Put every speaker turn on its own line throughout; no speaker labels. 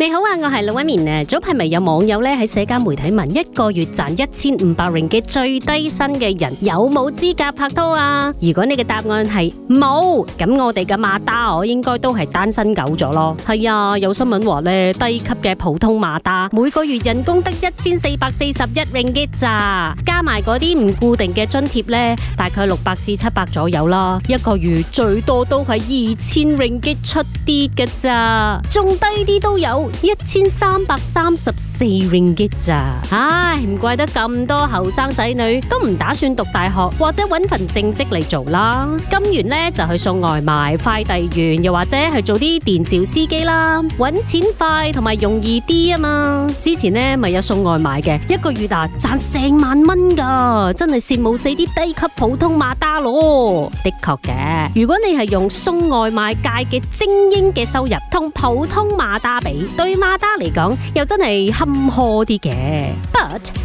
你好啊，我係龍紋敏咧。早排咪有網友咧喺社交媒體問，一個月賺一千五百 ringgit 最低薪嘅人有冇資格拍拖啊？如果你嘅答案係冇，咁我哋嘅馬達我應該都係單身狗咗咯。係啊，有新聞話咧，低級嘅普通馬達每個月人工得一千四百四十一 ringgit 咋，加埋嗰啲唔固定嘅津貼咧，大概六百至七百左右啦，一個月最多都係二千 ringgit 出啲嘅咋，仲低啲都有。一千三百三十四 ringgit 咋？1 1, Ring 唉，唔怪得咁多後生仔女都唔打算讀大學，或者揾份正職嚟做啦。搵完呢，就去送外賣、快遞員，又或者係做啲電召司機啦，揾錢快同埋容易啲啊嘛。之前呢咪有送外賣嘅，一個月啊賺成萬蚊噶，真係羨慕死啲低級普通馬打羅。的確嘅，如果你係用送外賣界嘅精英嘅收入同普通馬打比。對馬達嚟講，又真係坎坷啲嘅。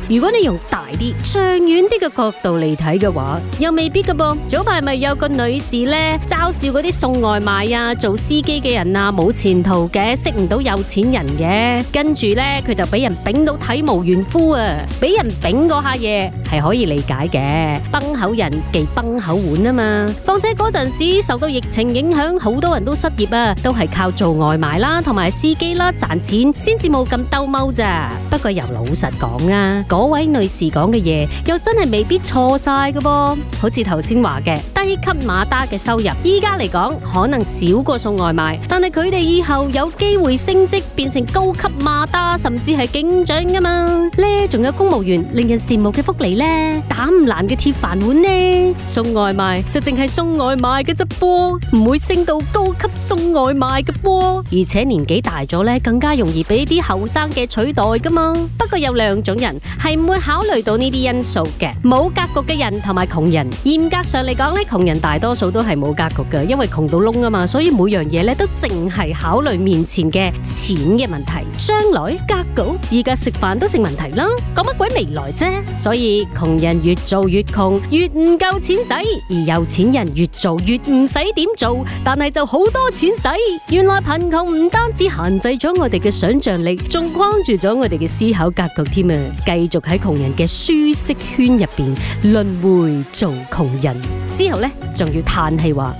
如果你用大啲、長遠啲嘅角度嚟睇嘅話，又未必㗎噃。早排咪有個女士咧，嘲笑嗰啲送外賣啊、做司機嘅人啊冇前途嘅，識唔到有錢人嘅。跟住咧，佢就俾人炳到體無完膚啊！俾人炳嗰下嘢係可以理解嘅，崩口人忌崩口碗啊嘛。況且嗰陣時受到疫情影響，好多人都失業啊，都係靠做外賣啦、同埋司機啦賺錢，先至冇咁兜踎咋。不過又老實講咧。嗰位女士講嘅嘢又真係未必錯晒噶噃，好似頭先話嘅低級馬打嘅收入，依家嚟講可能少過送外賣，但係佢哋以後有機會升職變成高級馬打，甚至係警長噶嘛？呢仲有公務員令人羨慕嘅福利呢，打唔爛嘅鐵飯碗呢，送外賣就淨係送外賣嘅啫噃，唔會升到高級送外賣嘅噃，而且年紀大咗呢，更加容易俾啲後生嘅取代噶嘛。不過有兩種。人係唔會考慮到呢啲因素嘅，冇格局嘅人同埋窮人，嚴格上嚟講咧，窮人大多數都係冇格局嘅，因為窮到窿啊嘛，所以每樣嘢咧都淨係考慮面前嘅錢嘅問題。將來格局，而家食飯都成問題啦，講乜鬼未來啫？所以窮人越做越窮，越唔夠錢使；而有錢人越做越唔使點做，但係就好多錢使。原來貧窮唔單止限制咗我哋嘅想象力，仲框住咗我哋嘅思考格局添啊！繼續喺窮人嘅舒適圈入邊輪回做窮人之後呢，仲要嘆氣話：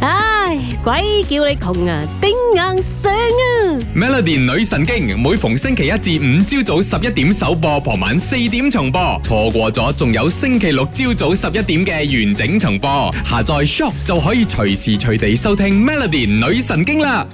唉，鬼叫你窮啊，頂硬上啊！Melody 女神經每逢星期一至五朝早十一點首播，傍晚四點重播，錯過咗仲有星期六朝早十一點嘅完整重播。下載 Shock 就可以隨時隨地收聽 Melody 女神經啦。